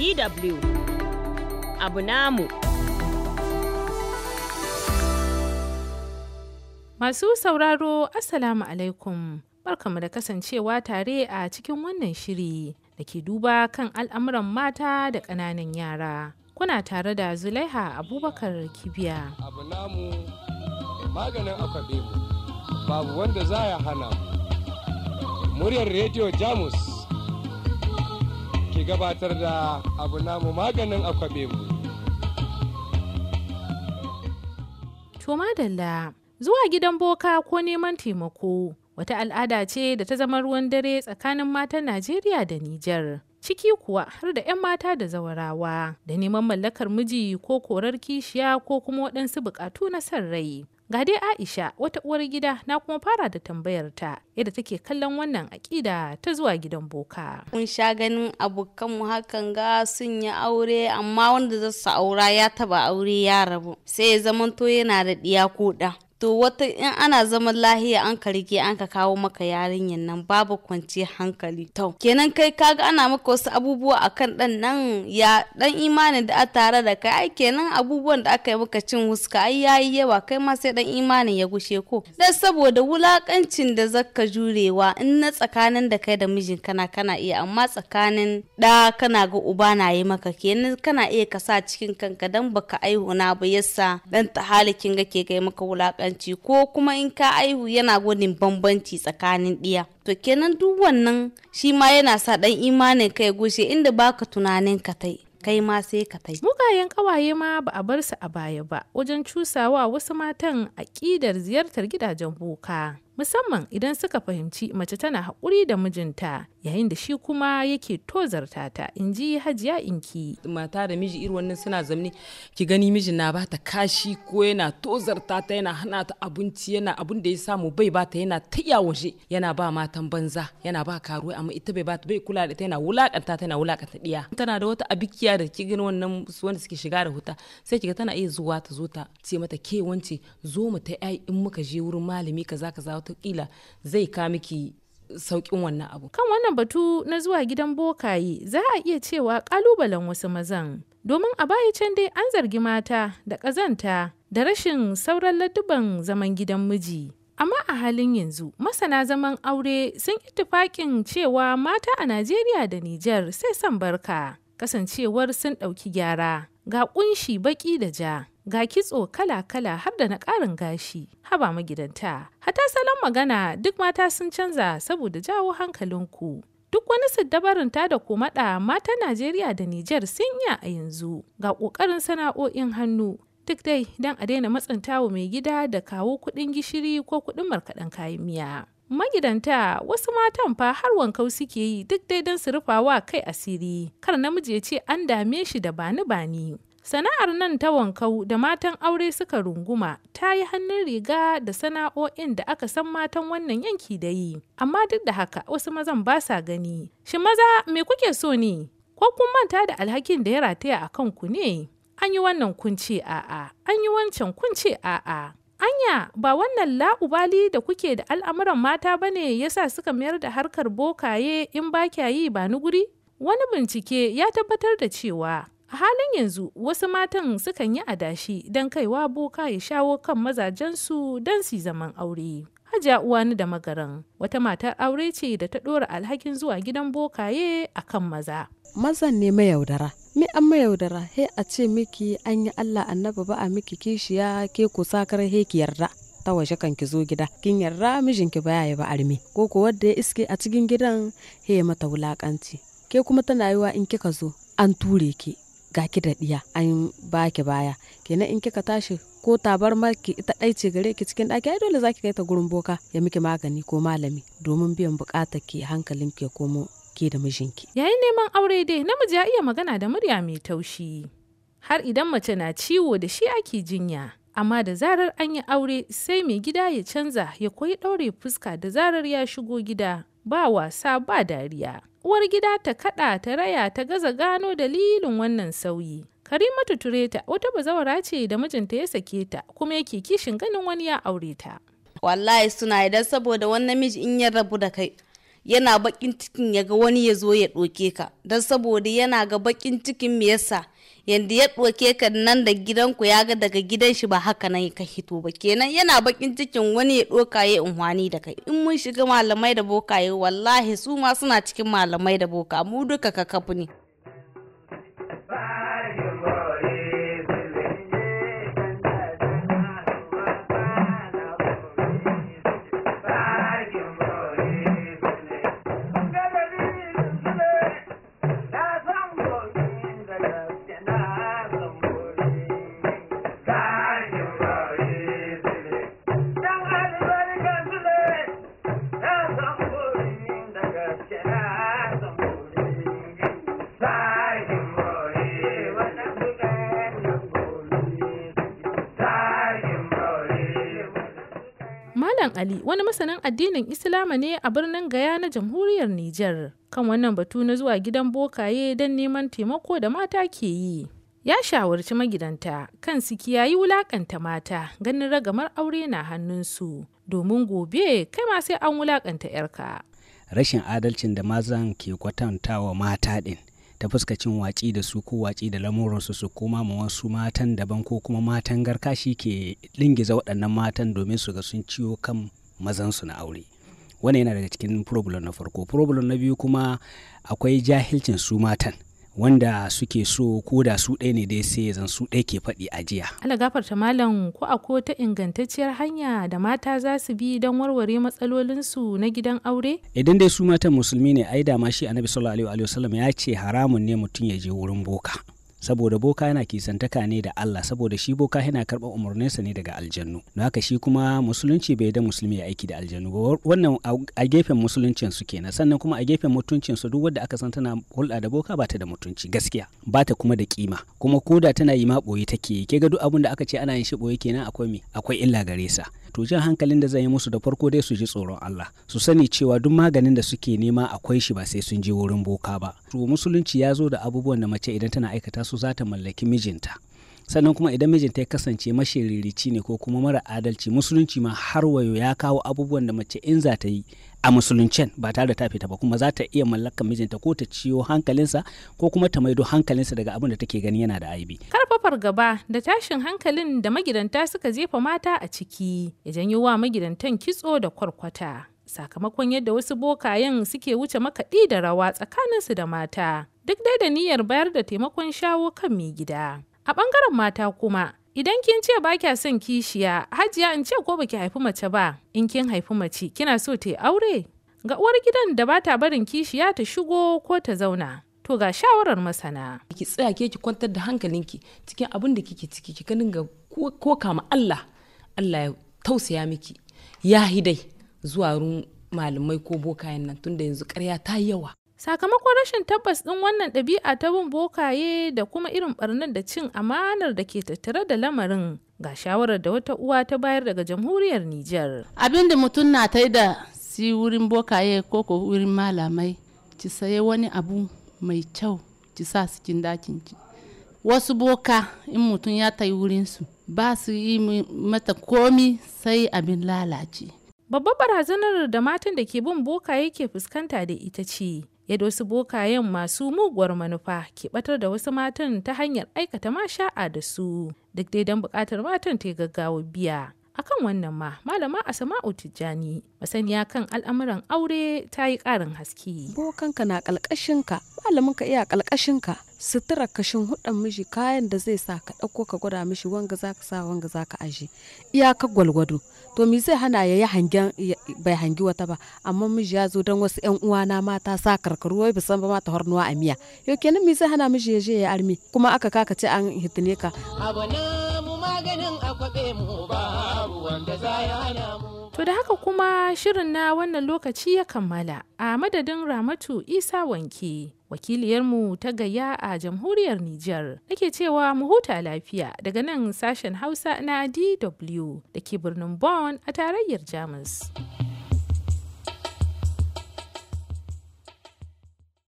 DW abu namu. Masu sauraro Assalamu alaikum barkamu da kasancewa tare a cikin wannan shiri da ke duba kan al'amuran mata da ƙananan yara. Kuna tare da Zulaiha Abubakar Kibiya. Abu namu maganin akwabe babu wanda za hana mu. Muryar Rediyo Jamus. ke gabatar da abu namu maganin akwabe mu. To madalla zuwa gidan boka ko neman taimako wata al'ada ce da ta zama ruwan dare tsakanin matan Najeriya da Nijar. Ciki kuwa har da 'yan mata da zawarawa da neman mallakar miji ko korar kishiya ko kuma waɗansu buƙatu na son rai. Ga dai Aisha wata uwar gida na kuma fara da tambayar ta yadda take kallon wannan aƙida ta zuwa gidan boka. Mun sha ganin abokanmu hakan ga sun yi aure amma wanda za su aura ya taba aure ya rabu sai ya zamanto yana da ɗiya ko ɗa. to wata in ana zaman lahiya an ka an ka kawo maka yarinyan nan babu kwanciyar hankali to kenan kai kaga ana maka wasu abubuwa akan dan nan ya dan imanin da a tare da kai ai kenan abubuwan da aka yi maka cin huska ai yayi yawa kai ma sai dan imanin ya gushe ko dan saboda wulakancin da zakka jurewa in na tsakanin da kai da mijin kana kana iya amma tsakanin da kana ga uba na yi maka kenan kana iya ka sa cikin kanka dan baka na ba yasa dan ta halikin ga ke kai maka wulakancin bambanci ko kuma in ka aihu yana gudun bambanci tsakanin ɗiya to kenan duk wannan shi ma yana sa ɗan imanin ka ya gushe inda baka tunanin ka tai kai ma sai ka tai mugayen kawaye ma ba a bar su a baya ba wajen cusawa wasu matan aƙidar ziyartar gidajen boka musamman idan suka fahimci mace tana haƙuri da mijinta yayin da shi kuma yake tozarta ta in ji hajiya inki mata da miji irin wannan suna zamne ki gani mijin na bata kashi ko yana tozarta ta yana hana ta abinci yana abin da ya samu bai bata yana taya waje yana ba matan banza yana ba karuwa amma ita bai bata bai kula da ta yana wulakanta ta yana wulakanta diya tana da wata abikiya da ki gani wannan wanda suke shiga da huta sai kiga tana iya zuwa ta zo ta ce mata ke wance zo mu ta ai in muka je wurin malami kaza kaza watakila zai ka miki saukin wannan abu. Kan wannan batu na zuwa gidan bokaye za a iya cewa kalubalen wasu mazan. Domin a baya can dai an zargi mata da ƙazanta da rashin sauran ladduban zaman gidan miji. Amma a halin yanzu masana zaman aure sun ittifaƙin cewa mata a Najeriya da Nijar sai son barka kasancewar sun ɗauki gyara ga ƙunshi baƙi da ja. ga kitso kala-kala har da na ƙarin gashi haba magidanta hata salon magana duk mata sun canza saboda jawo hankalinku duk wani siddabarin ta da komaɗa matan najeriya da niger sun yi a yanzu ga ƙoƙarin sana'o'in hannu duk dai don a daina matsantawa mai gida da kawo kuɗin gishiri ko kuɗin markaɗen kayan miya magidanta wasu matan fa har wankau suke yi duk dai don su rufa wa kai asiri kar namiji ya ce an dame shi da bani bani Sana'ar nan ta wankau da matan aure suka runguma ta yi hannun riga da sana'o'in da aka san matan wannan yanki da yi. Amma duk da haka wasu mazan ba sa gani. Shi maza me kuke so ne? Ko kun manta da alhakin da ya rataya a kanku ne? An yi wannan kunce a'a, an yi wancan kunce a'a. Anya ba wannan la'ubali da kuke da al'amuran mata ba ne ya sa suka mayar da harkar bokaye in ba kya yi ba ni guri? Wani bincike ya tabbatar da cewa A halin yanzu wasu matan sukan yi adashi don kaiwa boka ya shawo kan mazajensu don su zaman aure. Hajiya ni da Magaran wata matar aure ce da ta ɗora alhakin zuwa gidan bokaye a kan maza. Mazan ne mayaudara. Me an mayaudara he a ce miki an yi Allah annabi ba a miki kishiya ke ku sakar he ki yarda. ta waje kan ki zo gida kin yarda mijinki baya ya ba arme ko ko wadda ya iske a cikin gidan he mata wulakanci ke kuma tana yiwa in kika zo an ture ki ga ki da ɗiya an ba ki baya kenan in kika tashi ko ta bar maki ita ɗai ce gare ki cikin ɗaki ai dole za ki kai ta gurin boka ya miki magani ko malami domin biyan buƙatar ki hankalin ki komo ke da mijinki. Yayin neman aure dai namiji ya iya magana da murya mai taushi har idan mace na ciwo da shi ake jinya. Amma da zarar an yi aure sai mai gida ya canza ya koyi ɗaure fuska da zarar ya shigo gida ba wasa ba dariya. Uwar gida ta kaɗa ta raya ta gaza gano dalilin wannan sauyi. Karimatu Tureta wata bazawara ce da mijinta ya sake ta kuma yake kishin ganin wani ya aure ta. Wallahi suna idan saboda wannan miji in ya rabu da kai yana bakin cikin ya ga wani ya zo ya ɗoke ka don saboda yana ga bakin cikin me yasa yadda ya ɗoke ka nan da gidanku ya ga daga gidan shi ba haka nan ka hito ba kenan yana bakin cikin wani ya ɗoka ya unhwani da kai in mun shiga malamai da bokaye wallahi su ma suna cikin malamai da boka mu duka ka kafu ne Malam Ali wani masanin addinin Islama ne a birnin Gaya na jamhuriyar Nijar kan wannan batu na zuwa gidan bokaye don neman taimako da mata ke yi. Ya shawarci magidanta kan su kiyayi wulakanta mata ganin ragamar aure na hannunsu domin gobe kai ma sai an wulakanta 'yarka. Rashin adalcin da mazan ke kwatantawa mata din. ta fuskacin watsi da su ko watsi da lamuransu su koma ma wasu matan daban ko kuma matan garka shi ke lingiza waɗannan matan domin su ga sun ciwo kan mazansu na aure wannan yana daga cikin problem na farko problem na biyu kuma akwai jahilcin su matan wanda suke so ko da su ɗaya ne dai sai zan su ɗaya ke faɗi a jiya. Ala gafarta malam ko a ko ta ingantacciyar hanya da mata za su bi don warware matsalolinsu na gidan aure? Idan dai su matan musulmi ne ai da ma shi annabi sallallahu alaihi wasallam ya ce haramun ne mutum ya je wurin boka. saboda boka yana kisantaka ne da Allah saboda shi boka yana karɓar umarninsa ne daga aljannu don haka shi kuma musulunci bai da musulmi ya aiki da aljannu ba wannan a gefen musuluncin su kenan sannan kuma a gefen mutuncin su duk wanda aka san tana hulɗa da boka ba ta da mutunci gaskiya ba ta kuma da kima kuma koda tana yi ma boye take ke ga duk abin da aka ce ana yin shi boye kenan akwai me akwai illa gare sa to jan hankalin da zan yi musu da farko dai su ji tsoron Allah su sani cewa duk maganin da suke nema akwai shi ba sai sun je wurin boka ba to musulunci ya zo da abubuwan da mace idan tana aikata su za ta mallaki mijinta sannan kuma idan mijinta ya kasance mashiririci ne ko kuma mara adalci musulunci ma har wayo ya kawo abubuwan da mace in za ta yi a musuluncen ba tare da ta fita ba kuma za ta iya mallakar mijinta ko ta ciyo hankalinsa ko kuma ta maido hankalinsa daga abin da take gani yana da aibi. Karfafar gaba da tashin hankalin da magidanta suka jefa mata a ciki ya janyo wa magidantan kitso da kwarkwata. Sakamakon yadda wasu bokayen suke wuce makaɗi da rawa tsakaninsu da mata, duk dai da niyyar bayar da taimakon shawo kan mai gida. A ɓangaren mata kuma, idan kin ce ba kya son kishiya, hajiya in ce ko baki haifi mace ba, in kin haifi mace kina so ta yi aure? Ga uwar gidan da ba ta barin kishiya ta shigo ko ta zauna. To ga shawarar masana. Ki tsaya ke ki kwantar da hankalinki cikin abin da kike ciki ki ganin ga ko kama Allah Allah ya tausaya miki ya hidai zuwa malamai ko bokayen nan tunda yanzu karya ta yawa. sakamakon rashin tabbas ɗin wannan ɗabi'a ta bin bokaye da kuma irin barnar da cin amanar da ke tattare da lamarin ga shawarar da wata uwa ta bayar daga jamhuriyar Nijar. Abin da mutum na ta da si wurin bokaye ko ko wurin malamai ci saye wani abu mai kyau ci sa cikin dakin ki. Wasu boka in mutum ya tai wurin su ba su yi mata komi sai abin lalace. Babbar barazanar da matan da ke bin bokaye ke fuskanta da ita ce yadda wasu bokayen masu muguwar manufa ke batar da wasu matan ta hanyar aikata masha'a da su duk dai don bukatar matan ta gaggawa biya akan wannan ma malama asama'u tijjani masaniya kan al'amuran aure ta yi ƙarin haske bokanka na ƙalƙashinka malaminka iya ka sutura kashin hudan mishi kayan da zai sa ka ɗauko ka gwada mishi wanga za ka sa wanga za ka aje iyaka gwalgwado to me zai hana ya yi hangen bai hangi wata ba amma miji ya zo don wasu yan uwana mata sa karkaru wai bisan ba mata hornuwa a miya yau kenan me zai hana miji ya je ya armi kuma aka kaka ce an hitine ka abu To da haka kuma shirin na wannan lokaci ya kammala a madadin Ramatu Isa Wanke. Wakiliyarmu ta gaya a jamhuriyar Nijar nake cewa mu huta lafiya daga nan sashen Hausa na DW da ke birnin Bonn a tarayyar Jamus.